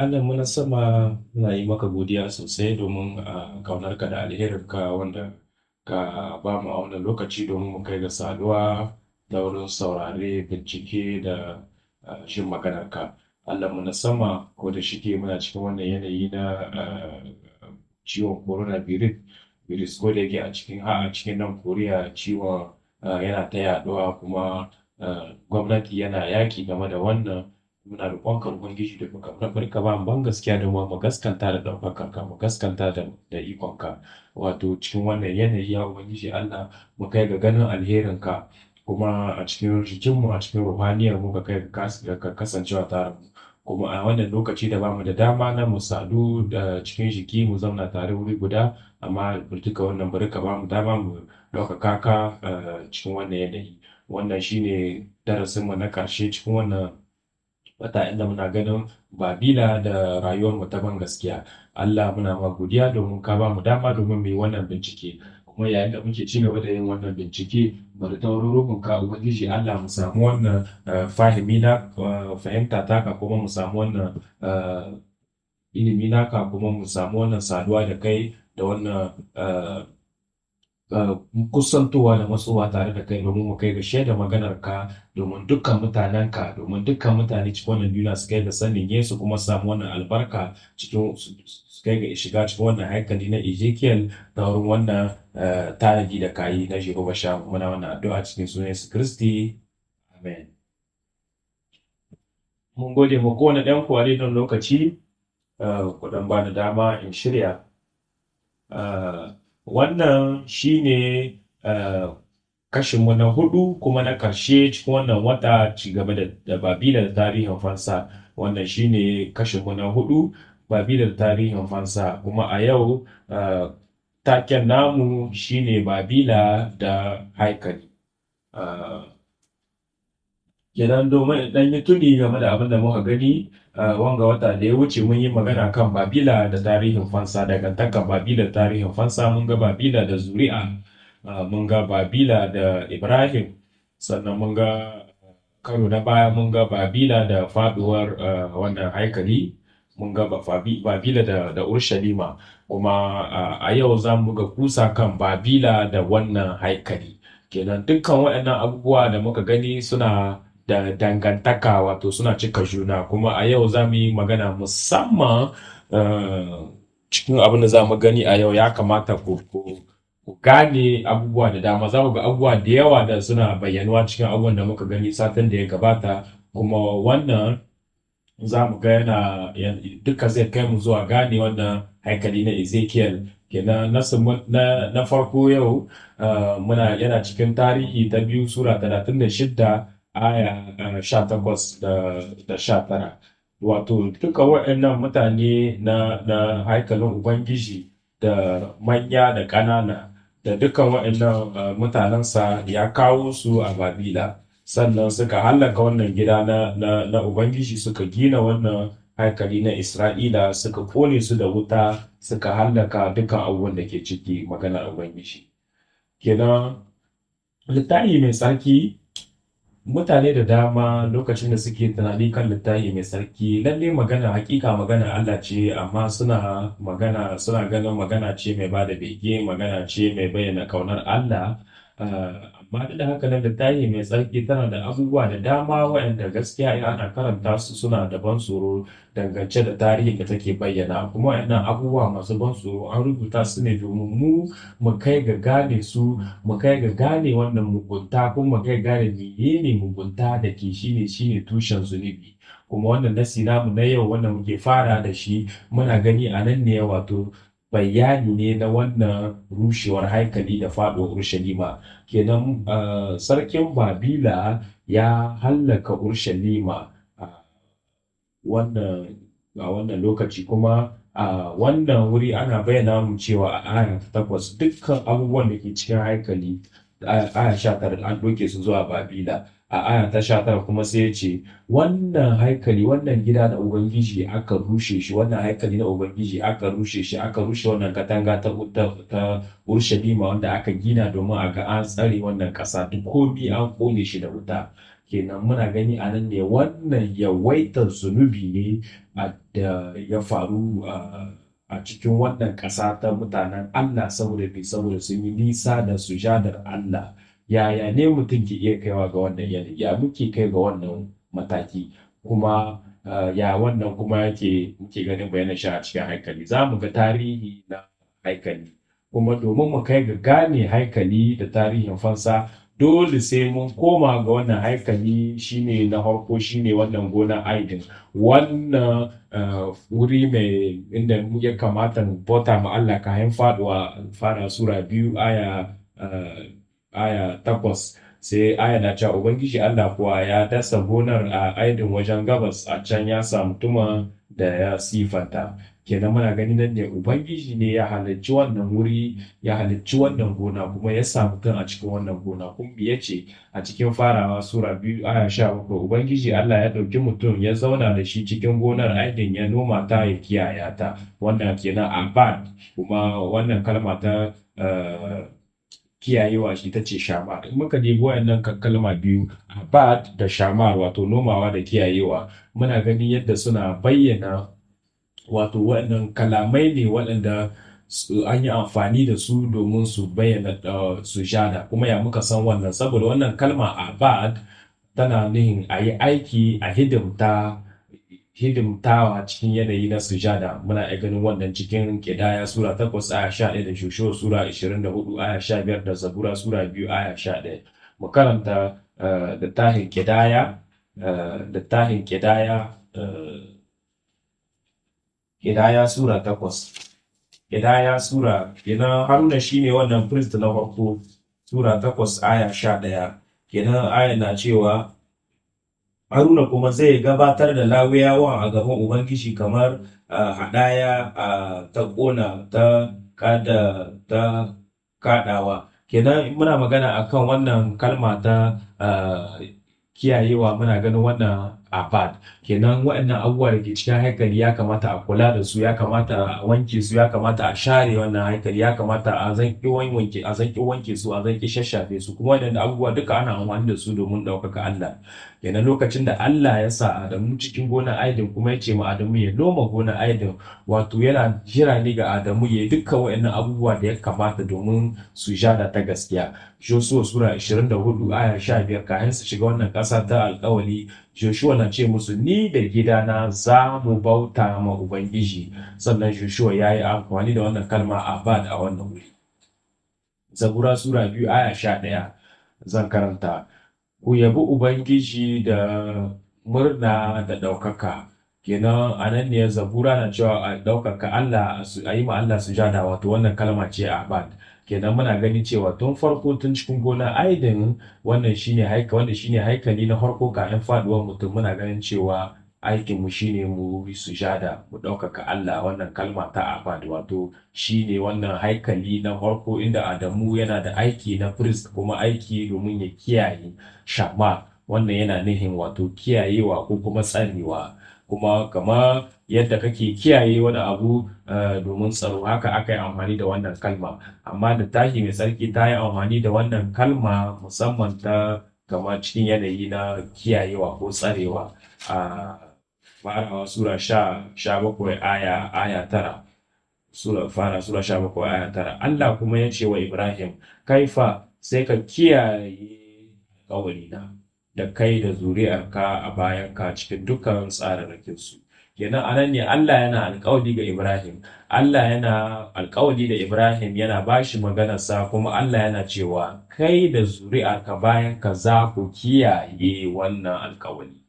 Allah muna sama muna yi maka godiya sosai domin a kaunarka da alherinka wanda ka ba mu a wannan lokaci domin mu kai ga saduwa da wurin saurare bincike da shin maganarka. Allah muna sama ko da shike muna cikin wannan yanayi na ciwon corona virus virus ko da yake a cikin a cikin nan Koriya ciwon yana ta yaduwa kuma gwamnati yana yaki game da wannan muna roƙonka ubangiji da muka farfar ka ba mu ban gaskiya da mu gaskanta da ɗaukakar ka mu gaskanta da da ikon ka wato cikin wannan yanayi ya ubangiji Allah mu kai ga ganin alherin ka kuma a cikin jikin mu a cikin ruhaniyar mu ka kai ga kasancewa tare mu kuma a wannan lokaci da bamu da dama na mu sadu da cikin jiki mu zauna tare wuri guda amma duka wannan bari ka bamu dama mu ɗaukaka ka eh, cikin wannan yanayi wannan shine darasin mu na ƙarshe cikin wannan wata inda muna ganin babila da rayuwar mu ta ban gaskiya Allah muna ma godiya domin ka ba mu dama domin mu yi wannan bincike kuma yayin da muke ci gaba da yin wannan bincike bari ta wurin ka ubangiji Allah mu samu wannan eh, fahimi na eh, fahimta taka kuma mu samu wannan eh, ilimi ka kuma mu samu wannan saduwa da kai da wannan Ah, kusantowa da matsowa tare da kai domin mu kai ga shaida maganar ka domin dukkan mutanen ka domin dukkan mutane cikin wannan duniya su kai ga sanin Yesu kuma su samu wannan albarka cikin su kai ga shiga cikin wannan haikali na Ezekiel da wurin wannan ah, tanadi da kayi na Jehovah sha muna wannan addu'a cikin sunan Yesu Kristi amen mun gode ma kowane ɗan kware don lokaci ah, ku dan bani dama in shirya wannan shi ne eh, kashinmu na huɗu kuma na karshe cikin wannan wata ci gaba da babila tarihin fansa wannan shi ne kashinmu na huɗu babila tarihin fansa kuma a yau eh, taken namu shi ne babila da haikali uh, kenan domin dan yi tuni game da abin da muka gani wanga wata da ya wuce mun yi magana kan babila da tarihin fansa dangantakar babila da tarihin fansa mun ga babila da zuri'a mun ga babila da ibrahim sannan mun ga karo na baya mun ga babila da faduwar wannan haikali mun ga babila da, da urshalima kuma a yau za mu ga kusa kan babila da wannan haikali kenan dukkan waɗannan abubuwa da muka gani suna da dangantaka wato suna cika juna kuma a yau za mu yi magana musamman eh, cikin abin da za mu gani a yau ya kamata ku gane abubuwa da dama za mu ga abubuwa da yawa da suna bayyanuwa cikin abubuwan da muka gani satin da ya gabata kuma wannan za mu ga yana duka zai kai mu zuwa gane wannan haikali na ezekiel kenan na, farko yau eh, muna yana cikin tarihi ta biyu sura 36 aya sha takwas da sha tara wato duka waɗannan mutane na na haikalin ubangiji da manya da ƙanana da dukan waɗannan uh, mutanensa ya kawo su a babila sannan suka hallaka wannan gida na, na, na ubangiji suka gina wannan haikali na isra'ila suka kone su da wuta suka hallaka dukan abubuwan da ke ciki maganar ubangiji kenan littafi mai tsarki mutane da dama lokacin da suke tunani kan littafi mai sarki lalle magana hakika magana Allah ce amma suna magana suna ganin magana ce mai ba da bege magana ce mai bayyana kaunar Allah ah, Ba da haka nan littafi mai tsarki tana da abubuwa da dama waɗanda gaskiya in ana karanta su suna da ban tsoro dangance da tarihi da take bayyana kuma waɗannan abubuwa masu ban tsoro an rubuta su ne domin mu mu kai ga gane su mu kai ga gane wannan mugunta kuma mu kai gane menene mugunta da ke shine shine tushen zunubi kuma wannan nasi namu na yau wannan muke fara da shi muna gani a nan ne wato bayani ne na wannan rushewar haikali da faɗo Urshalima kenan sarkin Babila ya hallaka Urshalima a wannan lokaci kuma a wannan wuri ana bayyana mu cewa a aya ta takwas dukkan abubuwan da ke cikin haikali a aya sha tara an doke su zuwa Babila a aya ta sha tara kuma sai ya ce wannan haikali wannan gida na ubangiji aka rushe shi wannan haikali na ubangiji aka rushe shi aka rushe wannan katanga ta urushalima urshalima wanda aka gina domin a ga an tsare wannan kasa duk komi an kone shi da wuta kenan muna gani a nan ne wannan yawaitar zunubi ne da ya faru a cikin wannan kasa ta mutanen Allah saboda bai saboda sun yi nisa da sujadar Allah yaya ne mutum ke iya kaiwa ga wannan yanayi ya muke kai ga wannan mataki kuma eh, ya wannan kuma yake muke ganin bayanan shi a cikin haikali za mu ga tarihi na haikali kuma domin mu kai ga gane haikali da tarihin fansa dole sai mun koma ga wannan haikali shine na farko shine wannan gona aidin wannan eh, wuri mai inda ya kamata mu bota mu Allah hain faduwa fara sura biyu aya eh, aya takwas sai aya na cewa ubangiji Allah kuwa ya dasa gonar a aidin wajen gabas a can ya samu tuma da ya sifanta kenan muna gani nan ne ubangiji ne ya halicci wannan wuri ya halarci wannan gona kuma ya samu kan a cikin wannan gona kuma ya ce a cikin farawa sura biyu aya sha bakwai ubangiji Allah ya ɗauki mutum ya zauna da shi cikin gonar aidin ya noma ta ya kiyaye ta wannan kenan abad kuma wannan kalma ta eh, kiyayewa shi ta ce shamar in muka dibi wayannan kalma biyu abad da shamar wato nomawa da kiyayewa muna ganin yadda suna bayyana wato waɗannan kalamai ne waɗanda an yi amfani da su domin su bayyana uh, su shada kuma ya muka san wannan saboda wannan kalma abad tana nihin a yi aiki a hidimta hidimtawa cikin yanayi na sujada muna iya ganin wannan cikin Ƙidaya Sura 8 aya 11 da Shusho Sura 24 aya 15 da Zabura Sura 2 aya 11 mu karanta eh, littafin Ƙidaya eh, littafin Ƙidaya eh, Ƙidaya Sura 8 Ƙidaya Sura kenan Haruna shine wannan priest na farko Sura 8 aya 11 kenan aya na cewa haruna kuma zai gabatar da lawiyawan a gaban ubangiji kamar hadaya ta kona ta kada ta kadawa kenan muna magana akan wannan kalma ta kiyayewa muna ganin wannan a bad kenan waɗannan abubuwa da ke cikin haikali ya kamata a kula da su ya kamata a wanke su ya kamata a share wannan haikali ya kamata a zanki wanke a zanki wanke su a zanki shashafe su kuma waɗannan abubuwa duka ana amfani da su domin ɗaukaka Allah kenan lokacin da Allah ya sa Adamu cikin gonar aidin kuma ya ce ma Adamu ya noma gonar aidin wato yana jira ne ga Adamu ya yi dukkan waɗannan abubuwa da ya kamata domin su jada ta gaskiya Joshua sura 24 aya 15 kayan su shiga wannan ƙasa ta alƙawali Joshua na ce musu ni da gidana za mu bauta ma Ubangiji sannan Joshua ya yi amfani da wannan kalma a abad a wannan wuri. Zabura Sura biyu aya sha ɗaya zan karanta, ku yabi Ubangiji da murna da ɗaukaka, kenan a nan ne zabura na cewa a ɗaukaka Allah a yi ma Allah sujada wato wannan kalma ce a abad kenan muna gani cewa tun farko tun cikin gona aidin wannan shine haika wanda shine haikali na farko kafin faduwar mutum muna ganin cewa aikin mu shine mu yi sujada mu ɗaukaka Allah wannan kalma ta abad wato shine wannan haikali na farko inda Adamu yana da aiki na priest kuma aiki domin ya kiyaye shama wannan yana nihin wato kiyayewa ko kuma tsarewa kuma kama yadda kake kiyaye wani abu eh, domin tsaro haka aka yi amfani da wannan kalma amma da tashi mai tsarki ta yi amfani da wannan kalma musamman ta kama cikin yanayi na kiyayewa ko tsarewa a farawa sura sha bakwai aya tara sura fara sura sha bakwai aya tara Allah kuma ya ce wa Ibrahim kaifa sai ka kiyaye kawalina da kai da zuri'arka a bayanka cikin dukkan tsararrakinsu kenan a nan ne Allah yana alkawari ga Ibrahim Allah yana alkawali da Ibrahim yana bashi maganarsa kuma Allah yana cewa kai da zuri'arka bayanka za ku kiyaye wannan alkawari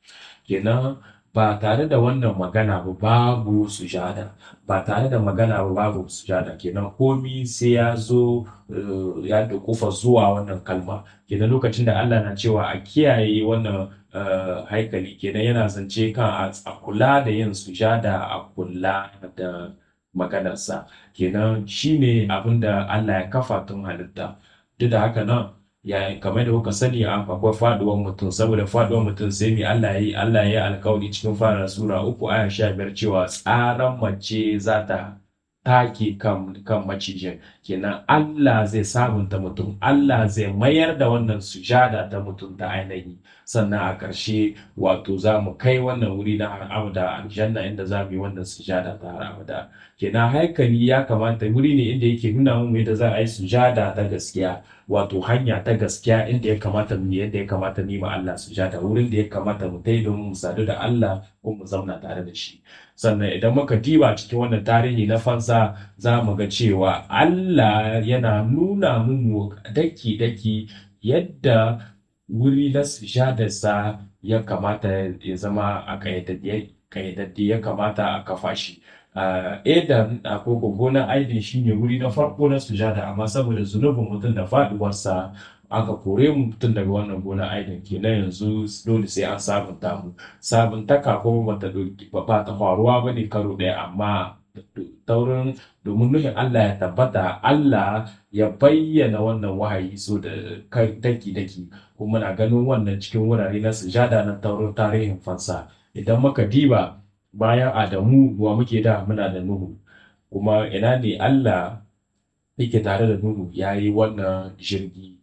kenan ba tare da wannan magana ba babu sujada ba tare da magana ba babu sujada kenan komi sai ya zo eh, ya dukufa zuwa wannan kalma kenan lokacin da Allah na cewa a kiyaye wannan eh, haikali kenan yana zance kan a kula da yin sujada a kula da maganarsa kenan shine abin da Allah ya kafa tun halitta duk da haka nan ya kamar da kuka sani a akwai faduwar mutum saboda faduwar mutum sai mai Allah yi Allah ya alkawari cikin fara sura uku aya sha biyar cewa tsaran mace za ta taki kan, kan macijin kenan Allah zai sabunta mutum Allah zai mayar da wannan sujada ta mutum ta ainihi sannan a ƙarshe wato za mu kai wannan wuri na har abada aljanna inda za mu yi wannan sujada ta har abada kenan haikali ya kamata wuri ne inda yake nuna mu yadda za a yi sujada ta gaskiya wato hanya ta gaskiya inda ya kamata mu yadda ya kamata mu yi ma Allah sujada wurin da ya kamata mu tai domin mu sadu da Allah ko mu zauna tare da shi sannan idan muka diba cikin wannan tarihi na fansa za mu ga cewa Allah yana nuna mu daki-daki yadda wuri na sujadarsa ya kamata ya zama a ƙayyadadde ya kamata a kafa shi Eden a koko gonar aidin shine wuri na farko na sujada amma saboda zunubin mutum da faɗuwarsa aka kore mu tun daga wannan gona aikin na yanzu dole sai an sabunta mu sabuntaka kuma bata ba ta faruwa ba ne karo ɗaya amma taurin domin nufin Allah ya tabbata Allah ya bayyana wannan wahayi so da daki daki kuma na ganin wannan cikin wurare na sujada na taurin tarihin fansa idan muka diba bayan Adamu wa muke da muna da Nuhu kuma ina ne Allah yake tare da Nuhu ya yi wannan jirgi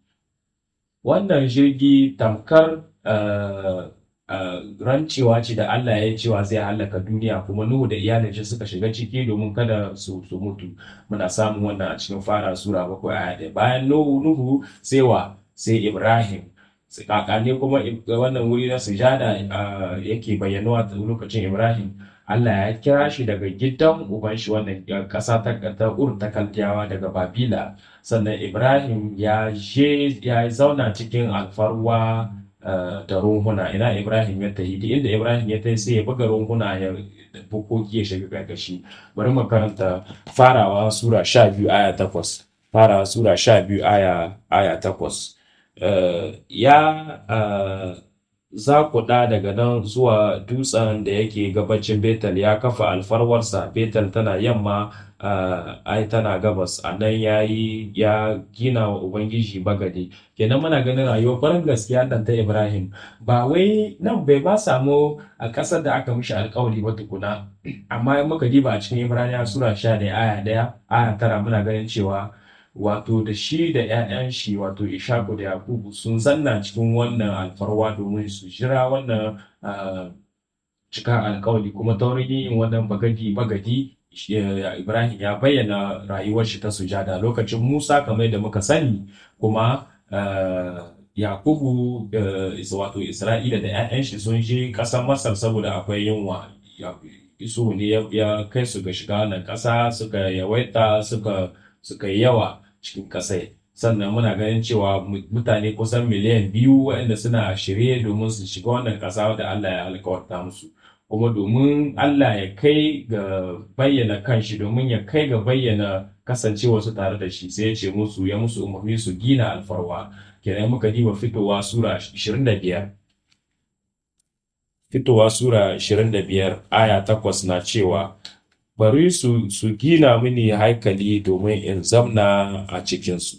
wannan jirgi tamkar eh, eh, rancewa ce da Allah ya cewa zai halaka duniya kuma Nuhu da iyalin shi suka shiga ciki domin kada su su mutu muna samun wannan a cikin fara sura bakwai aya bayan Nuhu Nuhu sai wa sai Ibrahim kakane kuma eh, wannan wuri na sujada yake bayyanuwa lokacin Ibrahim Allah ya kira shi daga gidan uban shi wannan ƙasa ta ta Ur ta Kaldiyawa daga Babila sannan Ibrahim ya je ya zauna cikin alfarwa eh, da ruhuna ina Ibrahim ya tafi duk inda Ibrahim ya tafi sai ya buga ruhuna ya bukoki ya shiga karkashi bari mu karanta farawa sura 12 aya 8 farawa sura 12 aya aya 8 eh, ya eh, za ku ɗa daga nan zuwa dutsen da yake gabacin betel ya kafa alfarwarsa betel tana yamma ai tana gabas a nan ya yi ya gina wa ubangiji bagadi. kenan muna ganin rayuwar farin gaskiya dan ta ibrahim ba wai nan bai ba samu a kasar da aka mishi alkawari ba tukuna amma muka diba a cikin ibrahim sura sha ya aya ɗaya aya tara muna ganin cewa wato da shi da 'ya'yan shi wato ishaku da yakubu sun zanna cikin wannan alfarwa domin su jira wannan cika alkawali kuma ta wurin yin wannan bagadi bagadi ibrahim ya bayyana rayuwar shi ta sujada lokacin musa kamar da muka sani kuma yakubu wato isra'ila da 'ya'yan shi sun je ƙasar masar saboda akwai yunwa isu ne ya kai su ga shiga wannan kasa suka yawaita suka yawa cikin kasai sannan muna ganin cewa mutane kusan miliyan biyu waɗanda suna shirye domin su shiga wannan ƙasa da Allah ya alkawarta musu kuma domin Allah ya kai ga bayyana kanshi domin ya kai ga bayyana su tare da shi sai ya ce musu ya musu umarni su gina alfarwa kenan muka diba fitowa sura 25 fitowa sura 25 aya 8 na cewa bari su, su gina mini haikali domin in zamna a cikinsu.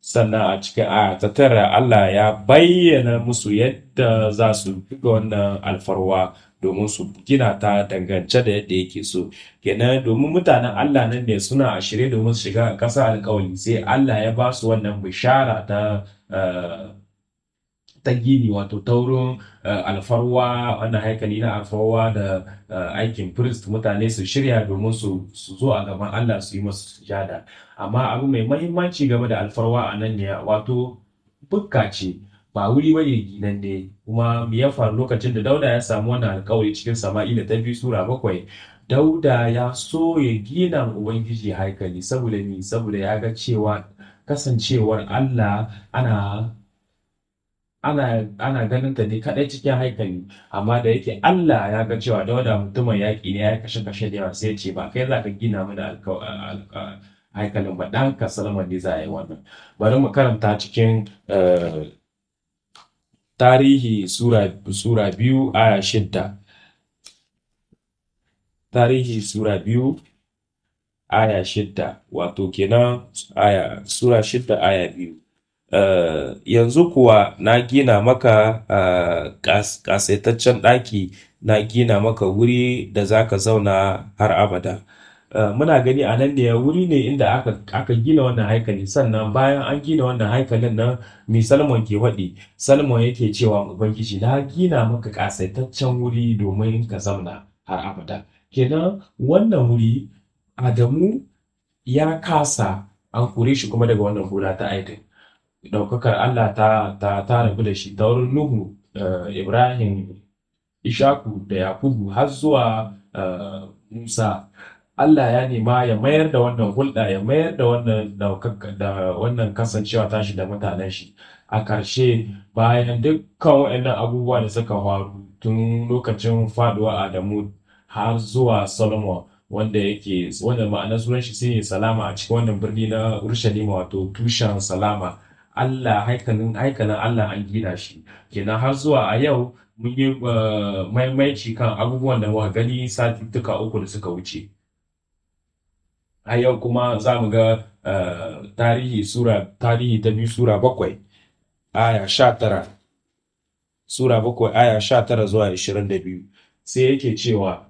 Sannan a cikin aya ta tara Allah ya bayyana musu yadda za su buga wannan alfarwa domin su gina ta dangance da yadda yake so. Kenan domin mutanen Allah nan ne suna a shirye domin su shiga ƙasa alƙawari sai Allah ya ba su wannan bishara ta eh, ta gini wato ta wurin eh, alfarwa wannan haikali na alfarwa da eh, aikin firist mutane su shirya domin su zo a gaban Allah su yi masu sujada amma abu mai mahimmanci game da alfarwa a nan ne wato bukka ce ba wuri wani ginan ne kuma ya faru lokacin da dauda ya samu wannan alkawari cikin sama'ila ta biyu sura bakwai dauda ya so ya gina ubangiji haikali saboda ni saboda ya ga cewa kasancewar Allah ana ana ana ganin ta ne kaɗai cikin haikali amma da yake Allah ya ga cewa wanda mutumin yaƙi ne ya kashe kashe da yawa sai ce ba kai za ka gina mana haikalin ba ɗan ka salama ne za a yi wannan bari mu karanta cikin eh, tarihi sura biyu aya shidda tarihi sura biyu aya shidda wato kenan sura shidda aya biyu Eh, yanzu kuwa na gina maka ƙasaitaccen eh, ɗaki na gina maka wuri da za ka zauna har abada eh, muna gani a nan ne wuri ne inda aka, gina wannan haikali sannan bayan an gina wannan haikalin nan mai salmon ke waɗi salmon yake cewa ubangiji na gina maka ƙasaitaccen wuri domin ka zauna har abada kenan wannan wuri adamu ya kasa an kore shi kuma daga wannan gona ta aidin ɗaukakar Allah ta ta ta rabu da shi ta wurin Nuhu eh, Ibrahim Ishaku da Yakubu har zuwa eh, Musa Allah ya nema ya mayar da wannan hulɗa ya mayar da wannan da wannan kasancewa tashi da mutanen shi a ƙarshe bayan dukkan waɗannan abubuwa da suka faru tun lokacin faɗuwa Adamu har zuwa Solomon wanda yake wanda ma'anar sunan shi sai salama a cikin wannan birni na Urushalima wato tushen salama Allah haikalin haikalin Allah an gina shi kenan har zuwa a yau mun yi eh, maimaici kan abubuwan da muka gani duka uku da suka wuce a yau kuma za mu ga eh, tarihi sura tarihi ta biyu sura bakwai aya sha tara sura bakwai aya sha tara zuwa ashirin da biyu sai yake cewa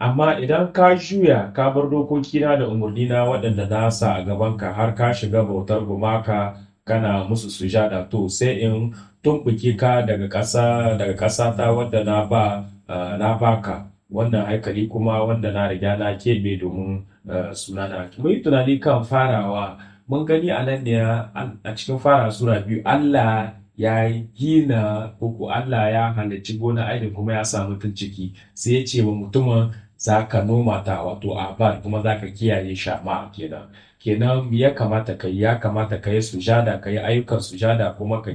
amma idan ka juya ka bar dokokina da umarni na waɗanda na sa a gabanka har ka shiga bautar gumaka kana musu sujada to sai in tumɓuke ka daga ƙasa daga ƙasa ta wadda na ba na baka wannan haikali kuma wanda na riga na keɓe domin sunana mun yi tunani kan farawa mun gani a nan ne a cikin fara sura biyu Allah ya gina koko Allah ya halarci gona aini kuma ya samu tun ciki sai ya ce wa mutumin za ka noma ta wato bar kuma za ka kiyaye shama kenan kenan ya kamata ka yi ya kamata ka yi sujada ka yi ayyukan sujada kuma ka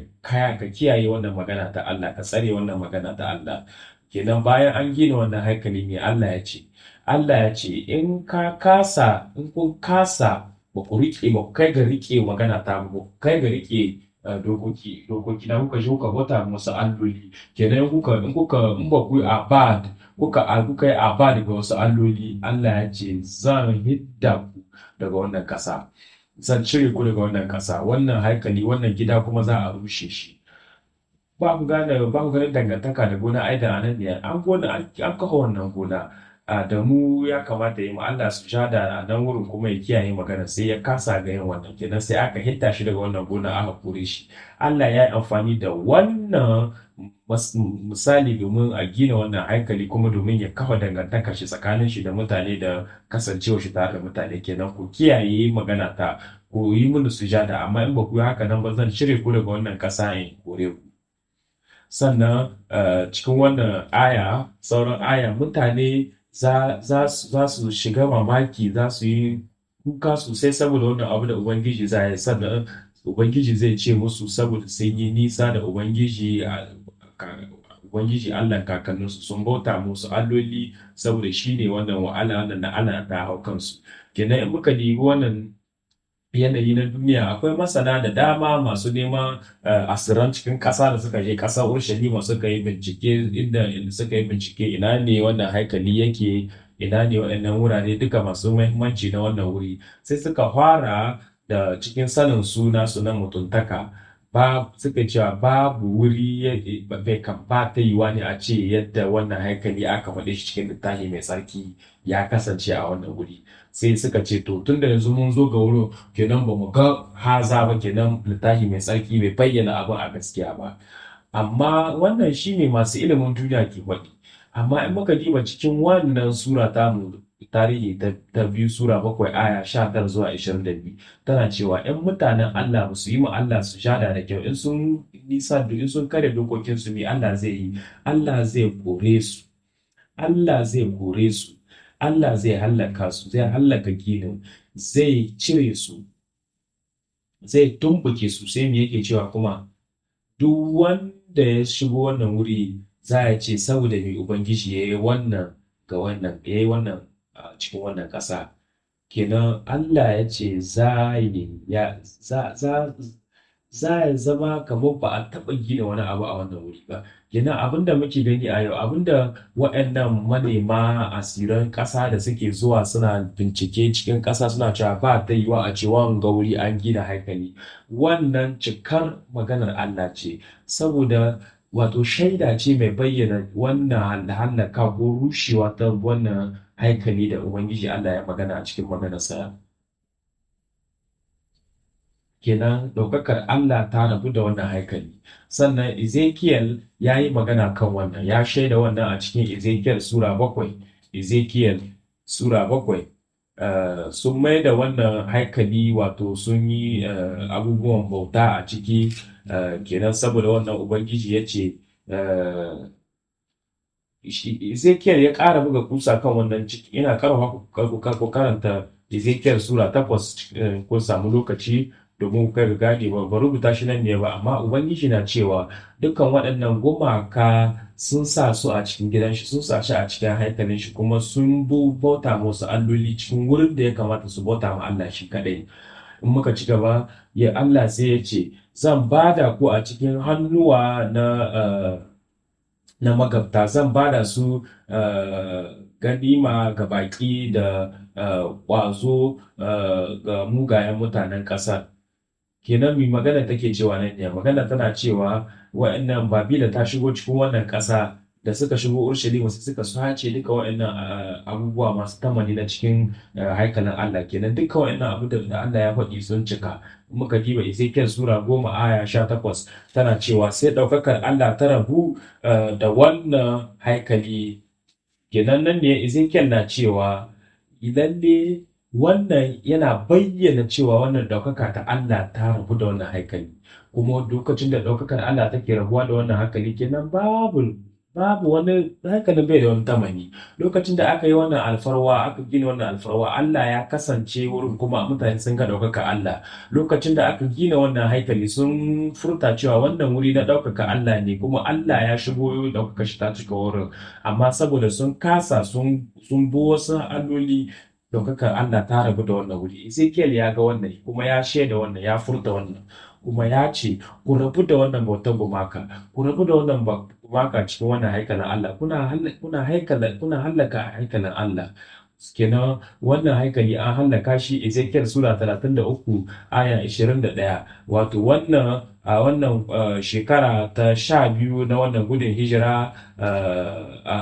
kiyaye wannan magana ta Allah ka tsare wannan magana ta Allah kenan bayan an gina wannan haikali ne Allah ya ce Allah ya ce in ka kasa in kun kasa ba ku rike ba kai ga rike magana ta ba kai ga rike eh, dokoki dokoki na kuka shuka bota musu alloli kenan in kuka in ba ku abad kuka a kuka yi aba daga wasu alloli Allah ya ce zan hidda ku daga wannan ƙasa zan cire ku daga wannan kasa wannan haikali wannan gida kuma za a rushe shi ba ku gane ba ku gane dangantaka da gona da anan ne an gona an kafa wannan gona Adamu ya kamata ya Allah su shada da nan wurin kuma ya kiyaye magana sai ya kasa ga yin wannan kenan sai aka hitta shi daga wannan gona aka kore shi Allah ya yi amfani da wannan misali domin a gina wannan haikali kuma domin ya kafa dangantaka shi tsakanin shi da mutane da kasancewa shi tare da mutane kenan ku kiyaye magana ta ku yi mini sujada amma in ba ku yi haka nan ba zan cire ku daga wannan ƙasa in kore ku sannan eh, cikin wannan aya sauran aya mutane za su shiga mamaki za su yi kuka sosai saboda wannan abu da ubangiji za yi sannan ubangiji zai ce musu saboda sun yi nisa da ubangiji a ubangiji allah kakanninsu sun bauta musu alloli saboda shi ne wannan wa'ala wannan na ana ta hau kansu kenan in muka dibi wannan yanayi na duniya akwai masana da dama masu neman eh, asiran cikin ƙasa da suka je ƙasa masu suka yi bincike inda suka yi bincike ina ne wannan haikali yake ina ne waɗannan wurare duka masu muhimmanci na wannan wuri sai suka fara da cikin sanin suna su na mutuntaka ba suka cewa babu wuri bai kan ba ta yiwa ne a ce yadda wannan haikali aka faɗe shi cikin littafi mai tsarki ya kasance a wannan wuri sai suka ce to tun da yanzu mun zo ga wurin kenan ba mu ga haza ba kenan littafi mai tsarki bai bayyana abu a gaskiya ba amma wannan shine masu ilimin duniya ke faɗi amma in muka diba cikin wannan sura ta mu tarihi ta biyu sura bakwai aya sha tara zuwa ashirin da biyu tana cewa ‘yan mutanen Allah ba su yi ma Allah su shada da kyau in sun nisa in sun kare dokokin su ne Allah zai yi Allah zai kore su Allah zai kore su Allah zai hallaka su zai hallaka ginin zai cire su zai tumbuke su sai mu yake cewa kuma duk wanda ya shigo wannan wuri za a ce saboda mai ubangiji ya yi wannan ga wannan ya yi wannan a cikin wannan ƙasa kenan Allah ya ce za ya zama kamar ba a taɓa gina wani abu a wannan wuri ba kenan abin da muke gani a yau abin da waɗannan manema asiran ƙasa da suke zuwa suna bincike cikin ƙasa suna cewa ba ta yiwa a ce wanga wuri an gina haikali wannan cikar maganar Allah ce saboda wato shaida ce mai bayyana wannan halaka ko rushewa ta wannan haikali da ubangiji Allah ya magana a cikin maganar maganarsa kenan ɗaukakar Allah ta rabu da wannan haikali sannan Ezekiel ya yi magana kan wannan ya shaida wannan a cikin Ezekiel sura bakwai Ezekiel sura bakwai eh, sun mai da wannan haikali wato sun yi uh, abubuwan bauta a ciki uh, kenan saboda wannan ubangiji ya ce Ezekiel ya ƙara buga kusa kan wannan ciki yana karfafa ku karanta Ezekiel sura takwas ko eh, samu lokaci domin kai ga ba ba rubuta shi nan ne ba amma ubangiji na cewa dukkan waɗannan gumaka sun sa su a cikin gidan shi sun sa shi a cikin haikalin shi kuma sun bauta musu alloli cikin wurin da ya kamata su bauta ma Allah shi kadai in muka ci gaba ya Allah sai ya ce zan bada ku a cikin hannuwa na eh, na magabta zan ba da su eh, ganima ga baki da eh, ƙwazo eh, ga mugayen mutanen ƙasa. kenan mai magana take cewa nan ne magana tana cewa wa'annan babila ta shigo cikin wannan ƙasa da suka shigo Urushalima sai suka sace duka waannan ah, abubuwa masu tamani na cikin ah, haikalin Allah kenan duka waɗannan abu da Allah ya faɗi sun cika muka diba Ezekiel sura goma aya sha takwas tana cewa sai ɗaukakar Allah ta rabu ah, da wannan haikali kenan nan ne Ezekiel na cewa idan ne wannan yana bayyana cewa wannan ɗaukaka ta Allah ta rabu da wannan haikali kuma lokacin da ɗaukakar Allah take rabuwa da wannan haikali kenan babu Babu wani hankalin bai da wani tamani. Lokacin da aka yi wannan alfarwa, aka gina wannan alfarwa, Allah ya kasance wurin kuma mutane sun ga ɗaukaka Allah. Lokacin da aka gina wannan haikali sun furta cewa wannan wuri na ɗaukaka Allah ne, kuma Allah ya shigo ɗaukaka shi ta cika wurin. Amma saboda sun kasa sun bo wasu alloli ɗaukakar Allah ta rabu da wannan wuri. Ezekiel ya ga wannan, kuma ya shaida wannan, ya furta wannan. kuma ya ce ku rabu da wannan bautan gumaka ku rabu da wannan gumaka cikin wannan haikalin Allah kuna kuna haikala kuna hallaka haikalin Allah kina wannan haikali an hallaka shi Ezekiel sura 33 aya 21 wato wannan a wannan shekara ta sha biyu na wannan gudun hijira a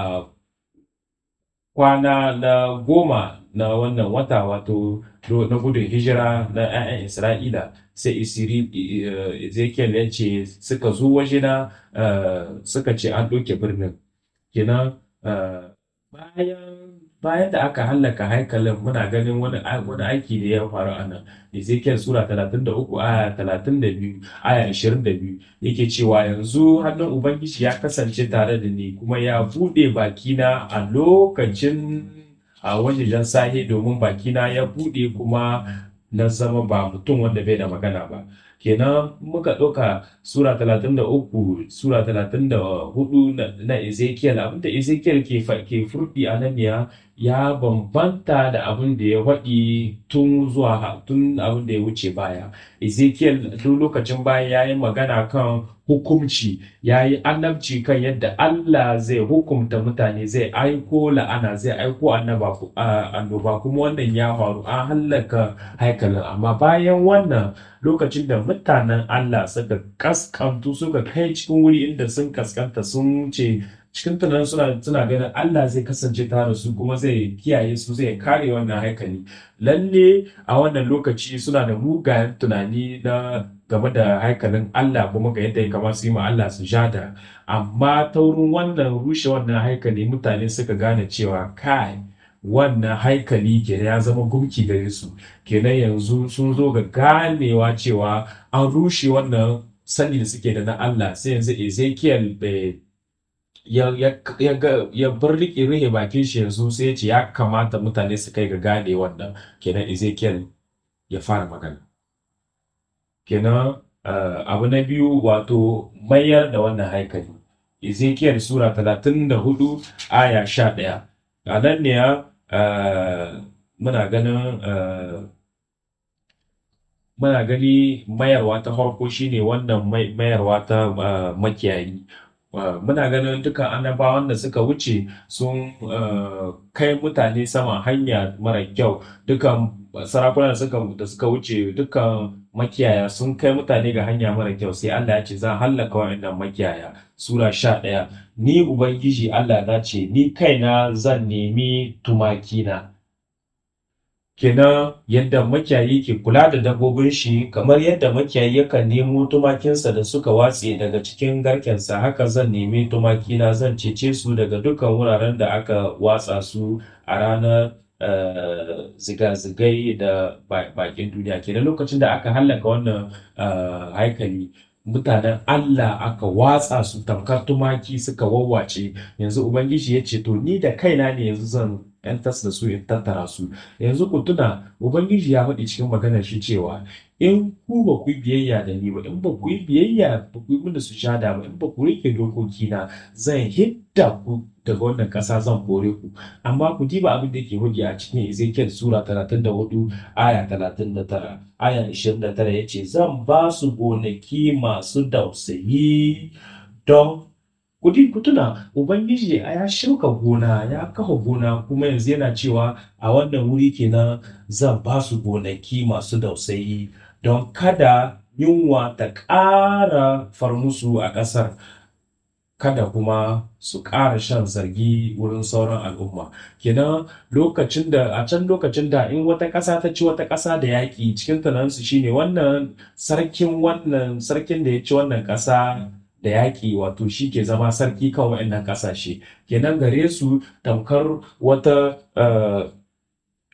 kwana na goma na wannan wata wato na gudun hijira na 'ya'yan isra'ila sai isiri eh, ezekiel ya ce suka zo wajena eh, suka ce an ɗauke birnin kenan eh, bayan da aka hallaka haikalin muna ganin wani aiki da ya faru a nan Ezekiel sura 33 aya 32 aya 22 yake cewa yanzu hannun ubangiji ya kasance tare da ni kuma ya bude bakina a lokacin a wajejen sahi domin bakina ya buɗe kuma na zama ba mutum wanda bai da magana ba kenan muka ɗauka sura 33 sura 34 na ezekiel abinda ezekiel ke furɗi a nan ya ya bambanta da abin da ya waɗi tun zuwa tun abin da ya wuce baya ezekiel duk lokacin baya ya yi magana kan hukumci ya yi annabci kan yadda allah zai hukumta mutane zai aiko la'ana zai aiko annoba kuma wannan ya faru an hallaka haikalin amma bayan wannan lokacin da mutanen allah suka kaskantu suka kai cikin wuri inda sun kaskanta sun ce cikin tunanin suna suna ganin Allah zai kasance tare da su kuma zai kiyaye su zai kare wannan haikali lalle a wannan lokaci suna da mugayen tunani na game da haikalin Allah kuma ga yadda ya kama su yi ma Allah su jada amma ta wurin wannan rushe wannan haikali mutane suka gane cewa kai wannan haikali ke ya zama gumki gare su kenan yanzu sun zo ga ganewa cewa an rushe wannan sani da suke da na Allah sai yanzu Ezekiel bai eh, ya bar riƙe rufe bakin shi yanzu sai ya ce ya kamata mutane su kai ga gane wannan kenan Ezekiel ya fara magana kenan eh, abu na biyu wato mayar da wannan haikali Ezekiel sura talatin da hudu aya sha ɗaya a nan ne ya eh, muna ganin eh, muna gani mayarwa ta farko shine wannan mayarwa ta makiyayi muna ganin dukkan annabawan da suka wuce sun eh, kai mutane sama hanya mara kyau dukkan sarakunan da suka wuce dukkan makiyaya sun kai mutane ga hanya mara kyau sai Allah ya ce zan hallaka wa'annan makiyaya sura sha ɗaya ni ubangiji Allah na ce ni kaina zan nemi tumakina kenan yadda makiyayi ke kula da dabbobin shi kamar yadda makiyayi yakan nemo tumakinsa da suka watse daga cikin garkensa haka zan nemi tumakina zan cece su daga dukkan wuraren da aka watsa su a ranar eh, zigazigai da bakin duniya kenan lokacin da aka hallaka wannan eh, haikali mutanen Allah aka watsa su tamkar tumaki suka wawwace yanzu ubangiji ya ce to ni da kaina ne yanzu zan yan tas da su in tattara su yanzu ku tuna ubangiji ya faɗi cikin maganar shi cewa in ku ba ku biyayya da ni ba in ba ku biyayya ba ku yi mun su shada ba in ba ku rike dokoki na zan hidda ku daga wannan ƙasa zan kore ku amma ku diba abin da yake hujja a cikin Ezekiel sura 34 aya 39 aya 29 yace zan ba su gonaki masu dausayi don ku tuna ubangiji ya shirka gona ya kafa gona kuma yanzu yana cewa a wannan wuri kenan zan ba su gonaki masu dausayi don kada yunwa ta ƙara far musu a ƙasar kada kuma su ƙara shan zargi wurin sauran al'umma kenan lokacin da a can lokacin da in wata ƙasa ta ci wata ƙasa da yaƙi cikin tunansu shine wannan sarkin wannan sarkin da ya ci wannan ƙasa da yaƙi wato shi ke zama sarki kan waɗannan ƙasashe kenan gare su tamkar wata eh,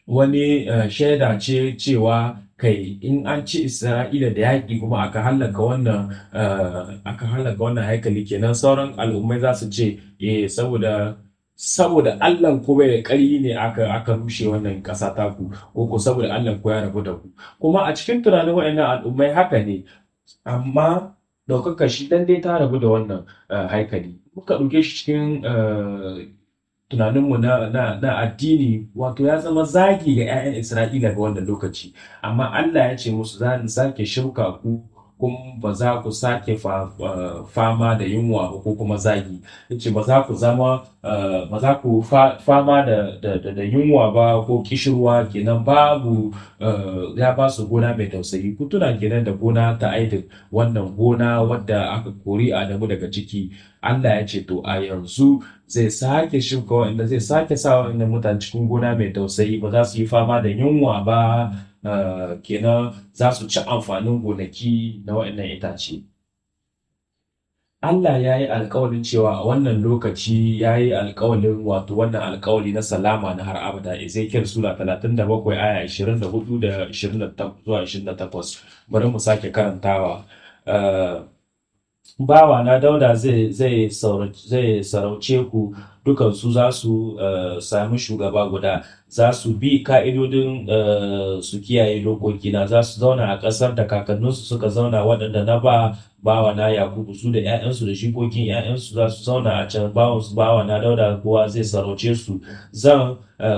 wani eh, shaida ce cewa kai in an ci isra'ila da yaƙi kuma aka hallaka wannan eh, aka hallaka wannan haikali kenan sauran al'ummai za su ce eh saboda saboda allah ko bai da ƙarfi ne aka rushe wannan ƙasa taku ko ko saboda allah ko ya rabu da ku kuma a cikin tunanin waɗannan al'ummai haka ne amma ɗaukaka shi dan dai ta rabu da wannan eh, haikali muka ɗauke shi cikin eh, tunaninmu na, na, addini wato ya zama zagi ga 'ya'yan isra'ila ga wannan lokaci amma allah ya ce musu za sake shirka ku Kun ba za ku sake fama da yunwa ba ko kuma zagi ce ba za ku zama eh, ba za ku fama da yunwa ba ko kishirwa kenan babu eh, ya ba su gona mai tausayi ku tuna kenan da gona ta aidin wannan gona wadda aka kori Adamu daga ciki Allah ya ce to a yanzu zai sake shuka wanda zai sake sa wa'annan mutane cikin gona mai tausayi ba za su yi fama da yunwa ba kenan za su ci amfanin gonaki na waɗannan itace Allah ya yi alƙawarin cewa a wannan lokaci ya yi alƙawarin, wato wannan alƙawarin na salama na har abada Ezekiel Sura 37 aya 24 da 28 zuwa takwas, bari mu sake karantawa bawa na dauda zai sarauce ku dukansu za su eh, sami shugaba guda za su bi ka'idodin eh, su kiyaye na za su zauna a ƙasar da kakanninsu suka zauna waɗanda na ba bawa na yakubu su da 'ya'yansu da shikokin 'ya'yansu za su zauna a can bawansu bawa na dauda kowa zai sarauce su zan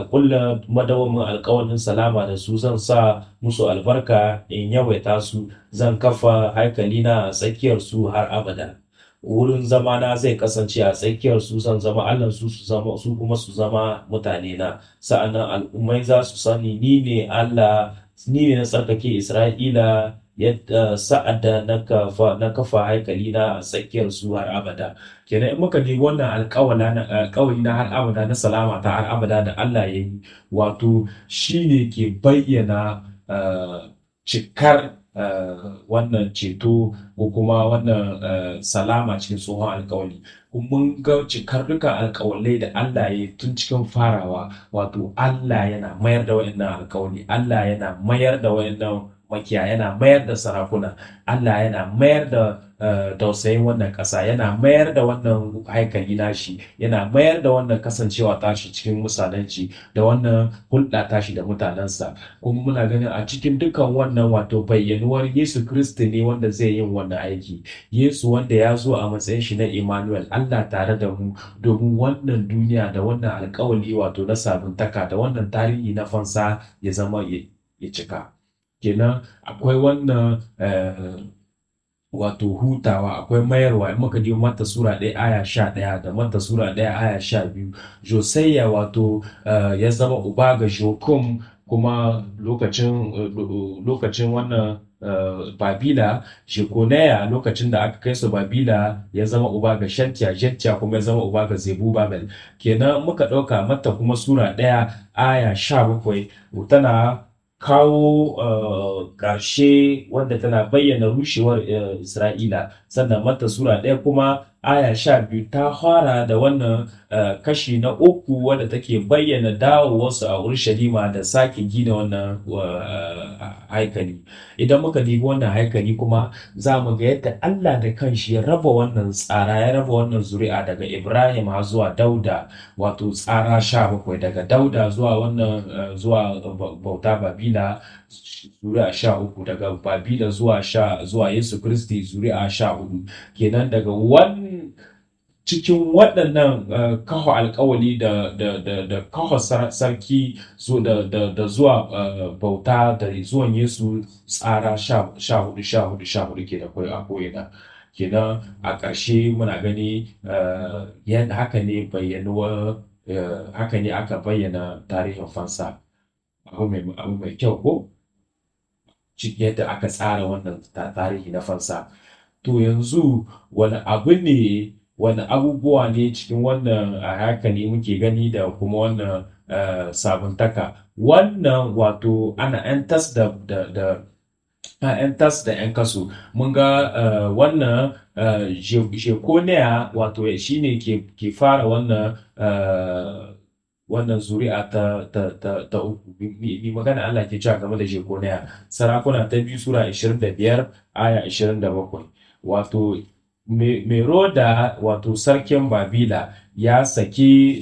kulla eh, madawamin alkawarin salama da su zan sa musu albarka in yawaita su zan kafa haikali na tsakiyar su har abada wurin zama na zai kasance a tsakiyar su zan zama Allah su su zama su kuma su zama mutane na sa'annan al'ummai za su sani ni ne Allah ni ne na tsarkake Isra'ila yadda sa'ada na kafa na kafa haikali na a tsakiyar su har abada kenan in muka ne wannan alƙawala na na har abada na salama ta har abada da Allah ya yi wato shine ke bayyana ah, cikar Eh, wannan ceto ko kuma wannan eh, salama cikin tsohon alkawali mun ga cikar duka alkawalai da Allah ya tun cikin farawa wato Allah yana mayar da wayannan alkawali Allah yana mayar da wayannan makiya yana mayar da sarakuna Allah yana mayar da Eh, tausayin wannan ƙasa yana mayar da wannan haikali nashi yana mayar da wannan kasancewa tashi cikin musalanci da wannan hulɗa tashi da mutanensa kuma muna ganin a cikin dukkan wannan wato bayyanuwar Yesu Kiristi ne wanda zai yi wannan aiki Yesu wanda ya zo a matsayin shi na Emmanuel Allah tare da mu domin wannan duniya da wannan alƙawali wato na sabuntaka da wannan tarihi na fansa ya zama ya cika kenan akwai wannan eh, wato hutawa akwai mayarwa in muka je mata sura ɗaya aya sha ɗaya da mata sura ɗaya aya sha biyu josaiya wato eh, ya zama uba ga jokum kuma lokacin eh, wannan eh, babila shekonaya lokacin da aka kai su babila ya zama uba ga shantiya shantiya kuma ya zama uba ga zebu babel kenan muka ɗauka mata kuma sura ɗaya aya sha bakwai tana kawo eh, ƙarshe wanda tana bayyana rushewar eh, Isra'ila sannan mata sura ɗaya kuma aya sha biyu ta fara da wannan eh, kashi na uku wadda take bayyana dawowarsu a urushalima da sake gina wannan eh, haikali idan muka dubi wannan haikali kuma za mu ga yadda allah da kanshi ya raba wannan tsara ya raba wannan zuri'a daga ibrahim har zuwa dauda wato tsara sha bakwai daga dauda zuwa wannan eh, zuwa bauta babila zuri'a sha uku daga babila zuwa sha zuwa yesu kristi zuri'a sha hudu kenan daga wan cikin waɗannan eh, kaho alkawali da kaho sarki da zuwa eh, bauta da zuwan yesu tsara sha hudu sha hudu sha hudu ke da a koyana kenan a ƙarshe muna gani eh, haka ne bayyanuwa haka ne aka bayyana tarihin fansa abu mai kyau ko yadda aka tsara wannan tarihi na fansa to yanzu wani abu ne wani abubuwa ne cikin wannan haka ne muke gani da kuma wannan sabuntaka wannan wato ana 'yan tas da yan tas da yan kaso mun ga wannan shekoniya wato shine ke fara wannan wannan zuri'a ta ta ta ta uku ni magana Allah ke cewa game da shekonaya sarakuna ta biyu sura 25 aya 27 wato meroda wato sarkin babila ya saki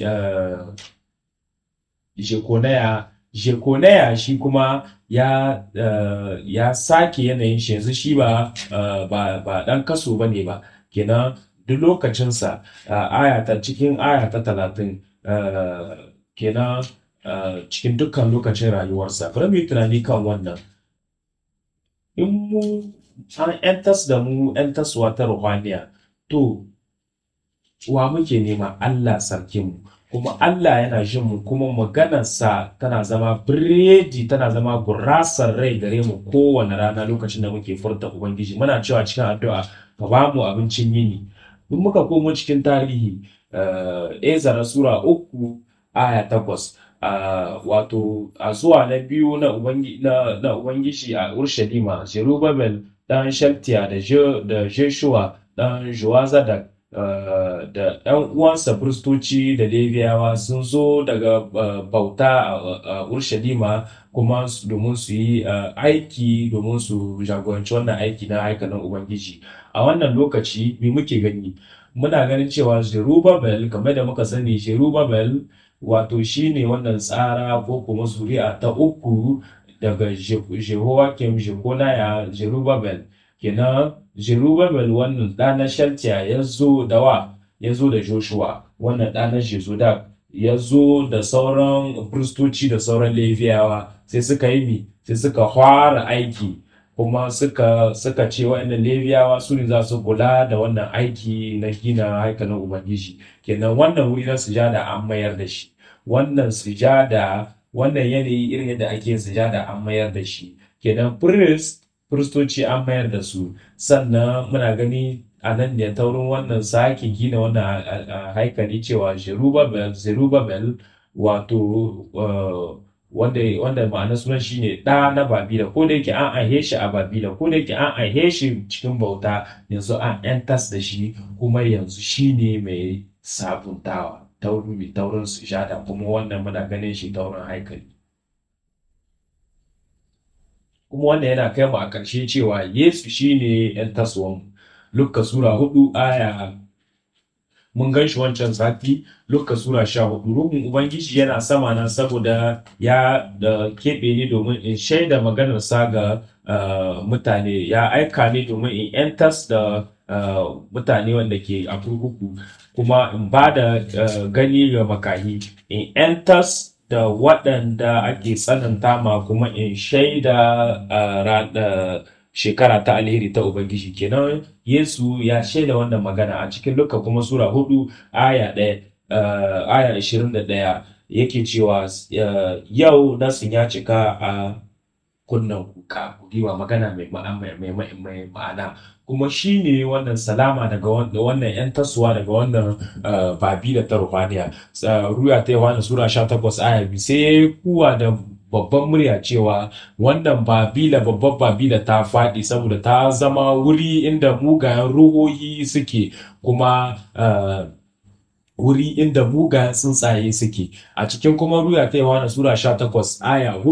shekonaya eh, shekonaya shi kuma ya eh, ya sake yanayin shi yanzu shi ba eh, ba dan kaso bane ba kenan duk lokacinsa aya ta cikin aya ta talatin kenan eh, cikin dukkan lokacin rayuwarsa bari mu yi tunani kan wannan in mu an ‘yantas da mu ‘yantaswa ta ruhaniya to wa muke nema Allah sarkinmu kuma Allah yana jin mu kuma maganarsa tana zama biredi tana zama gurasar rai gare mu kowane rana lokacin da muke furta Ubangiji muna cewa cikin addu'a ka ba mu abincin yini in muka komo cikin tarihi eh, Ezra sura uku aya takwas wato a zuwa na biyu na ubangiji a urshalima jerubabel dan shaftiya da jeshua dan juwazadak da ɗan uwansa firistoci da leviyawa sun zo daga bauta a urshalima kuma domin su yi aiki domin su jagoranci wannan aiki na haikalin ubangiji a wannan lokaci mai muke gani muna ganin cewa jerubabel kamar da muka sani jerubabel wato shi ne wannan tsara ko kuma zuri'a ta uku daga Jehoiakim Jehonaya Jerubabel kenan Jerubabel wannan ɗana Shaltiya ya zo da wa ya zo da Joshua wannan ɗana na Jezodak ya zo da sauran firistoci da sauran leviyawa sai suka yi mi sai suka fara aiki kuma suka suka ce wa'annan leviyawa su ne za su kula da wannan aiki na gina haikalin ubangiji kenan wannan wuri sujada an mayar da shi wannan sujada wannan yanayi irin yadda ake sujada an mayar da shi kenan priest firistoci an mayar da su sannan muna gani a nan ne taurin wannan sake gina wannan haikali cewa zerubabel wato uh, wanda wanda ma'anar sunan ne ɗa na babila ko da yake an aihe shi a babila ko da yake an aihe shi cikin bauta yanzu an tas da shi kuma yanzu shi ne mai sabuntawa taurin mai taurin sujada kuma wannan muna ganin shi taurin haikali kuma wannan yana kai mu a ƙarshe cewa yesu shi shine entaswan lukka sura hudu aya mun gan shi wancan sati Luka Sura sha hudu ruhun Ubangiji yana sama na saboda ya da keɓe ni domin in shaida maganarsa ga mutane ya aika ni domin in entas da mutane wanda ke a kurkuku kuma in ba da gani ga makahi in entas da waɗanda ake tsananta ma kuma in shaida shekara ta alheri ta Ubangiji kenan Yesu ya shaida wannan magana a cikin Luka kuma Sura 4 aya 1 eh, aya 21 yake cewa eh, yau nasin ya cika a kunnan kuka giwa magana mai ma'ana kuma shi ne wannan salama daga wannan 'yan tasowa daga wannan eh, babi da ta ruhaniya ruya ta wani sura 18 aya sai ya yi kuwa da babban murya cewa wannan babila babban babila ta faɗi saboda ta zama wuri inda mugayen ruhohi suke kuma eh, wuri inda mugayen tsuntsaye suke a cikin kuma ruya ta yawa na sura 18 aya 4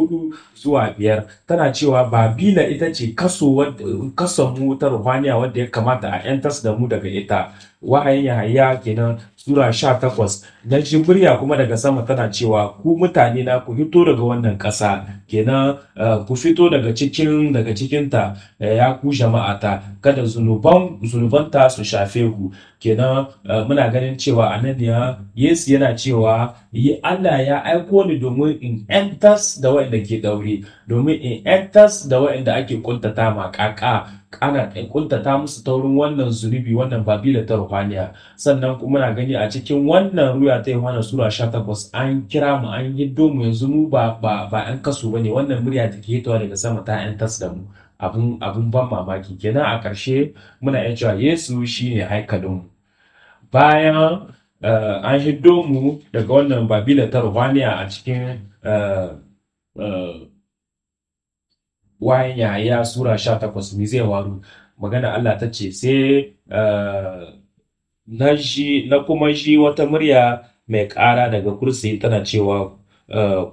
zuwa biyar. tana cewa babila ita ce kaso mu ta ruhaniya wadda ya kamata a 'yantas da mu daga ita wahayin yahaya kenan Sura sha takwas na shimbirya kuma daga sama tana cewa ku mutane na ku fito daga wannan ƙasa kenan eh, ku fito daga cikin daga cikinta eh, ya ku ta kada zunuban zunubanta su shafe ku kenan eh, muna ganin cewa a nan Yesu yana cewa yi Allah ya aiko ni domin in entas da waɗanda ke ɗaure domin in entas da waɗanda ake kuntata ma ƙaƙa ana kuntata musu taurin wannan zunubi wannan babila ta ruhaniya sannan kuma na gani a cikin wannan ruya ta yohana sura takwas an kira mu an yi domin yanzu mu ba ba ba an bane wannan murya da ke hitowa daga sama ta entas da mu abin abin ban mamaki kenan a ƙarshe muna iya cewa yesu shine haikalinmu bayan Eh, an hiddo mu daga wannan babila ta a cikin eh, eh, wayan yaya sura sha takwas zai waru magana Allah ta ce sai na kuma shi wata murya mai ƙara daga kursi tana cewa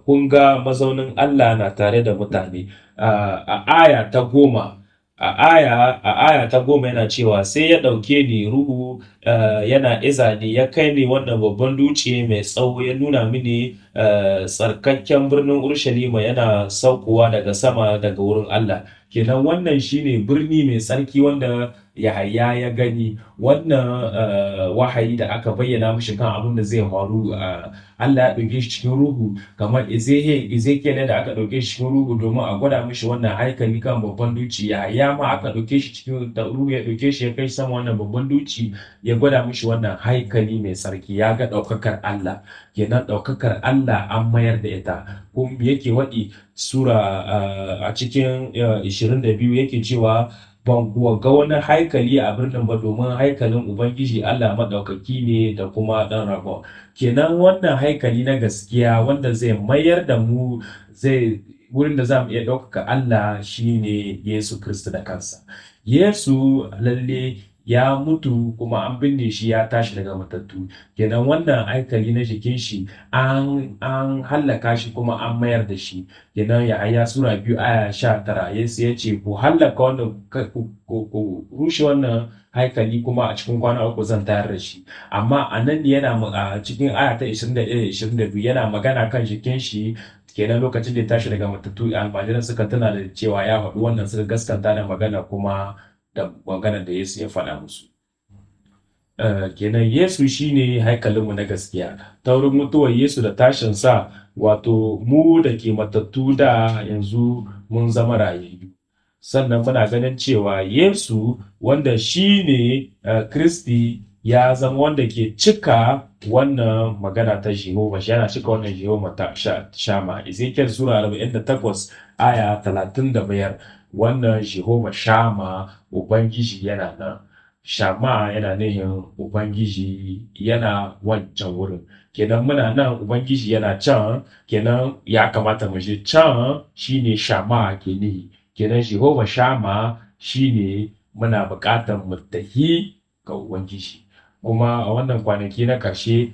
kunga mazaunin Allah na tare da mutane a aya ta goma a aya a aya ta goma yana cewa sai ya ɗauke ni ruhu eh, yana iza ni ya kai ni wannan babban duce mai tsawo ya nuna mini eh, tsarkakken birnin urshalima yana saukowa daga sama daga wurin allah kenan wannan shine birni mai tsarki wanda Yahaya ya gani wannan eh, wahayi da aka bayyana mishi kan abin da zai faru eh, Allah ya ɗauke shi cikin ruhu kamar Ezekiel da aka ɗauke shi cikin ruhu domin a gwada mishi wannan haikali kan babban duci Yahaya ma aka ɗauke shi cikin ruhu ya ɗauke shi ya kai sama wannan babban duci ya gwada mishi wannan haikali mai sarki ya ga ɗaukakar Allah kenan ɗaukakar Allah an mayar da ita ko yake waɗi sura eh, a cikin 22 yake cewa ban kuwa ga wani haikali a birnin ba domin haikalin ubangiji allah maɗaukaki ne da kuma ɗan rago kenan wannan haikali na gaskiya wanda zai mayar da mu zai wurin da za mu iya ɗaukaka allah shine yesu Kirista da kansa yesu lalle ya mutu kuma an binne shi ya tashi daga matattu kenan wannan haikali na jikin shi an an hallaka shi kuma an mayar da shi kenan ya aya sura biyu aya sha tara yesu ya ce ku hallaka wannan ku rushe wannan haikali kuma a cikin kwana uku zan tayar da shi amma a nan yana a cikin aya ta 21-22 yana magana kan jikin shi kenan lokacin da ya tashi daga matattu almajiran suka tana da cewa ya faɗi wannan suka gaskanta da magana kuma da maganar da Yesu ya faɗa musu. Eh, kenan Yesu shi ne haikalinmu na gaskiya ta wurin mutuwar Yesu da tashin sa wato mu da ke matattu da yanzu mun zama rayayyu sannan muna ganin cewa Yesu wanda shi ne eh, Kristi ya zama wanda ke cika wannan magana ta Jehova shi yana cika wannan Jehova ta Shama Ezekiel Sura 48 aya 35 wannan Jehovah Shama Ubangiji yana nan Shama yana nihin Ubangiji yana wancan wurin kenan muna nan Ubangiji yana can kenan ya kamata mu je can shine Shama ke nihi kenan Jehovah Shama shine muna buƙatar mu tafi ga Ubangiji kuma a wannan kwanaki na ƙarshe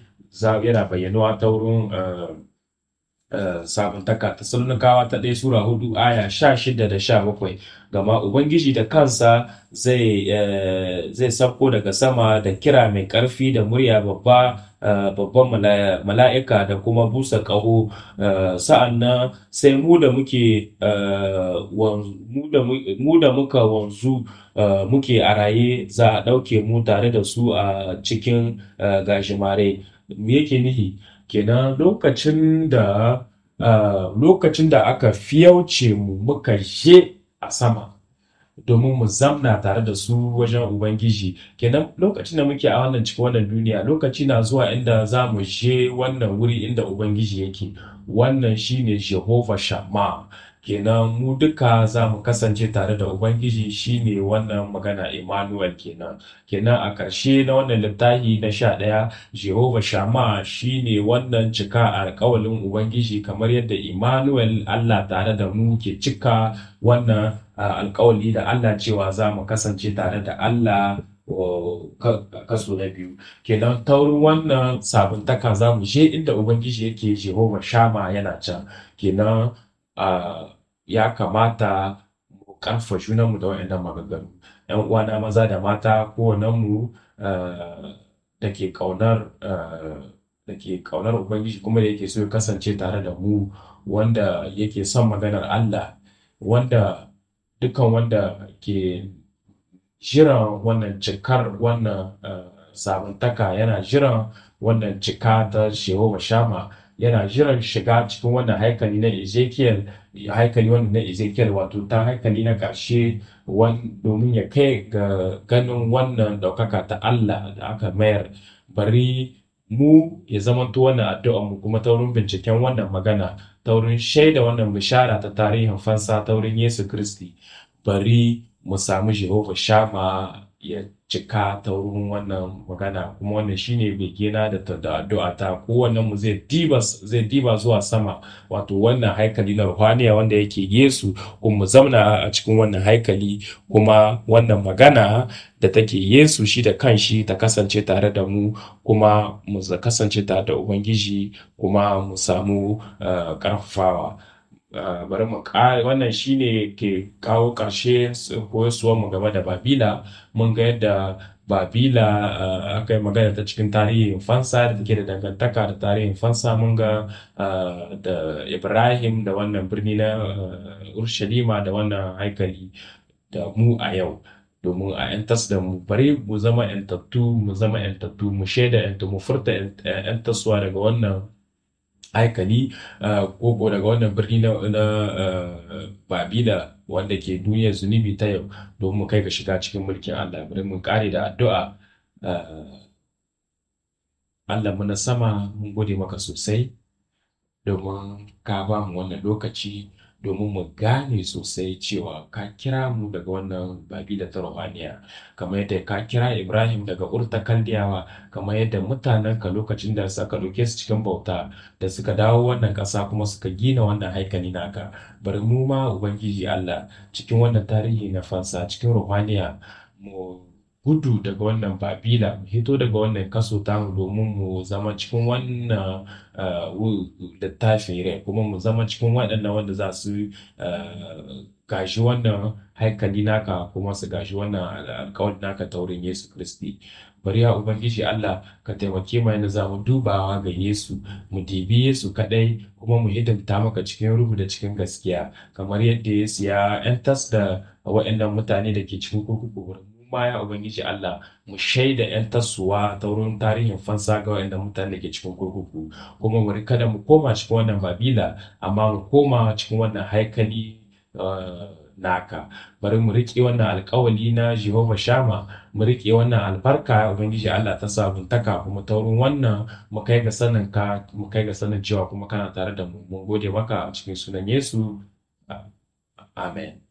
yana bayyanuwa ta wurin eh, sabuntaka ta salunikawa ta ɗaya sura hudu aya sha shida da sha bakwai gama ubangiji da kansa zai eh, zai sauko daga sama da kira mai ƙarfi da murya babba eh, babban mala'ika da kuma busa ƙaho eh, sa'an nan sai mu da mu da muka wanzu muke a raye za a ɗauke mu tare da su a cikin gashimare me yake nihi kenan lokacin da lokacin da aka fiyauce mu muka je a sama domin mu zamna tare da su wajen ubangiji kenan lokacin da muke a wannan cikin wannan duniya lokaci na zuwa inda za mu je wannan wuri inda ubangiji yake wannan shine jehova shama kenan mu duka za mu kasance tare da ubangiji shine wannan magana Emmanuel kenan kenan a ƙarshe na wannan littafi na sha ɗaya Jehova Shama shine wannan cika alƙawalin ubangiji kamar yadda Emmanuel Allah tare da mu ke cika wannan alƙawali da Allah cewa za mu kasance tare da Allah kaso na biyu kenan ta wurin wannan sabuntaka za mu je inda ubangiji yake Jehova Shama yana can kenan ya kamata mu ƙarfafa junanmu da waɗannan maganganu. ‘Yan uwana maza da mata kowannenmu mu da ke ƙaunar da ke ƙaunar Ubangiji kuma da yake so ya kasance tare da mu wanda yake son maganar Allah wanda dukkan wanda ke jiran wannan cikar wannan sabuntaka yana jiran wannan cika ta Shehova Shama yana jiran shiga cikin wannan haikali na Ezekiel haikali wanda na Ezekiel wato ta haikali na ƙarshe domin ya kai ga ganin wannan ɗaukaka ta Allah da aka mayar bari mu ya zamanto wannan addu'a mu kuma ta wurin binciken wannan magana ta wurin shaida wannan bishara ta tarihin fansa ta wurin Yesu Kiristi bari mu samu Jehova Shama ya cika ta wurin wannan magana kuma wannan shine begena da da addu'a ta kowannen mu zai diba zai diba zuwa sama wato wannan haikali na ruhaniya wanda yake Yesu kuma mu zamna a cikin wannan haikali kuma wannan magana da take Yesu shi da kanshi ta kasance tare da mu kuma mu kasance tare da Ubangiji kuma mu samu karfafawa. Eh, Ah, bari mu ƙara ah, wannan shine ke kawo ƙarshe koyarwar mu game da babila mun ga yadda babila ah, aka yi magana ta cikin tarihin fansa da take da dangantaka da tarihin fansa mun ga da ibrahim da wannan birni na urshalima da wannan haikali da mu a yau domin a 'yantas da mu bari mu zama 'yantattu mu zama 'yantattu mu shaida 'yantattu mu furta 'yantaswa daga wannan haikali eh, ko daga wannan birni na eh, babila wanda ke duniyar zunubi ta yau don mu kai ka shiga cikin mulkin Allah bari mu kare da addu'a eh, Allah mu na sama mun gode maka sosai domin ka ba mu wannan lokaci domin mu gane sosai cewa ka kira mu daga wannan da ta ruhaniya kamar yadda ka kira ibrahim daga urta kaldiyawa kamar yadda mutanen ka lokacin da suka ɗauke su cikin bauta da suka dawo wannan ƙasa kuma suka gina wannan haikali naka bari mu ma ubangiji allah cikin wannan tarihi na fansa cikin ruhaniya mu gudu daga wannan babila mu hito daga wannan kaso tamu domin mu zama cikin wannan uh, littafin rai kuma mu zama cikin waɗannan wanda za su uh, gashi wannan haikali naka kuma su gashi wannan alkawari naka ta wurin Yesu Kiristi bari ya ubangiji Allah ka taimake mu yana za dubawa ga Yesu mu dibi Yesu kaɗai, kuma mu hidimta maka cikin ruhu da cikin gaskiya kamar yadda Yesu ya 'yantas da waɗannan mutane da ke cikin kurkuku wurin baya ubangiji Allah mu shaida yan tasuwa ta wurin tarihin fansa ga wanda mutane ke cikin kurkuku kuma mu da mu koma cikin wannan babila amma mu koma cikin wannan haikali eh, naka bari mu riƙe wannan alƙawali na Jehovah Shama mu riƙe wannan albarka ubangiji Allah ta sabuntaka kuma ta wurin wannan mu kai ga sanin ka mu kai ga sanin cewa kuma kana tare da mu mun gode maka a cikin sunan Yesu amen